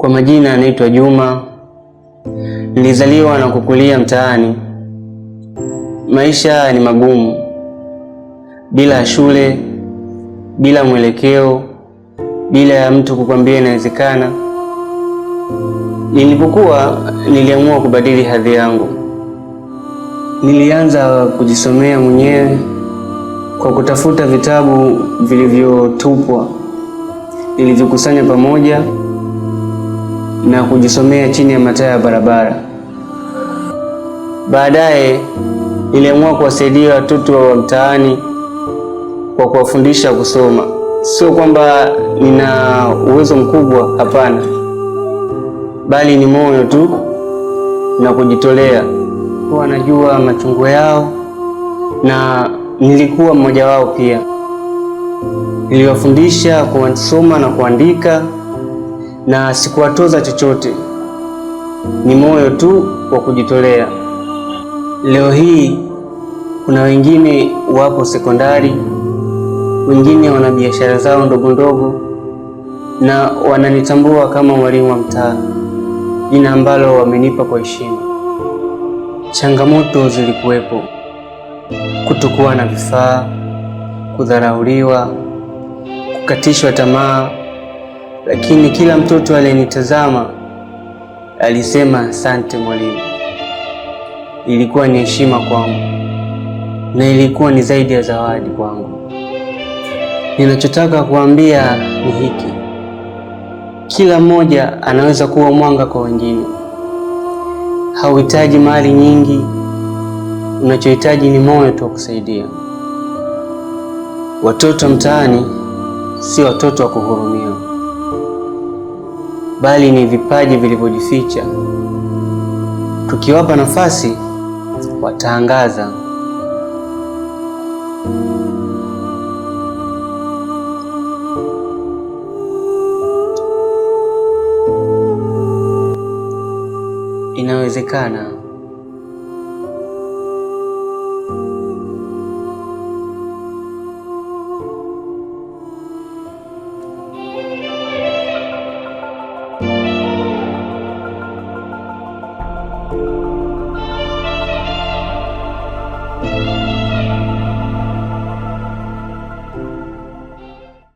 Kwa majina anaitwa Juma. Nilizaliwa na kukulia mtaani. Maisha ni magumu, bila shule, bila mwelekeo, bila ya mtu kukwambia inawezekana. Nilipokuwa niliamua kubadili hadhi yangu. Nilianza kujisomea mwenyewe kwa kutafuta vitabu vilivyotupwa, nilivyokusanya pamoja na kujisomea chini ya mataa ya barabara. Baadaye niliamua kuwasaidia watoto wa mtaani kwa kuwafundisha kusoma. Sio kwamba nina uwezo mkubwa, hapana, bali ni moyo tu na kujitolea. najua machungu yao na nilikuwa mmoja wao pia. Niliwafundisha kusoma na kuandika na sikuwatoza chochote, ni moyo tu wa kujitolea. Leo hii kuna wengine wapo sekondari, wengine wana biashara zao ndogo ndogo, na wananitambua kama mwalimu wa mtaa, jina ambalo wamenipa kwa heshima. Changamoto zilikuwepo: kutokuwa na vifaa, kudharauliwa, kukatishwa tamaa lakini kila mtoto aliyenitazama alisema asante mwalimu. Ilikuwa ni heshima kwangu na ilikuwa ni zaidi ya zawadi kwangu. Ninachotaka kuambia ni hiki: kila mmoja anaweza kuwa mwanga kwa wengine. Hauhitaji mali nyingi, unachohitaji ni moyo tu wa kusaidia. Watoto mtaani si watoto wa kuhurumiwa bali ni vipaji vilivyojificha. Tukiwapa nafasi, wataangaza. Inawezekana.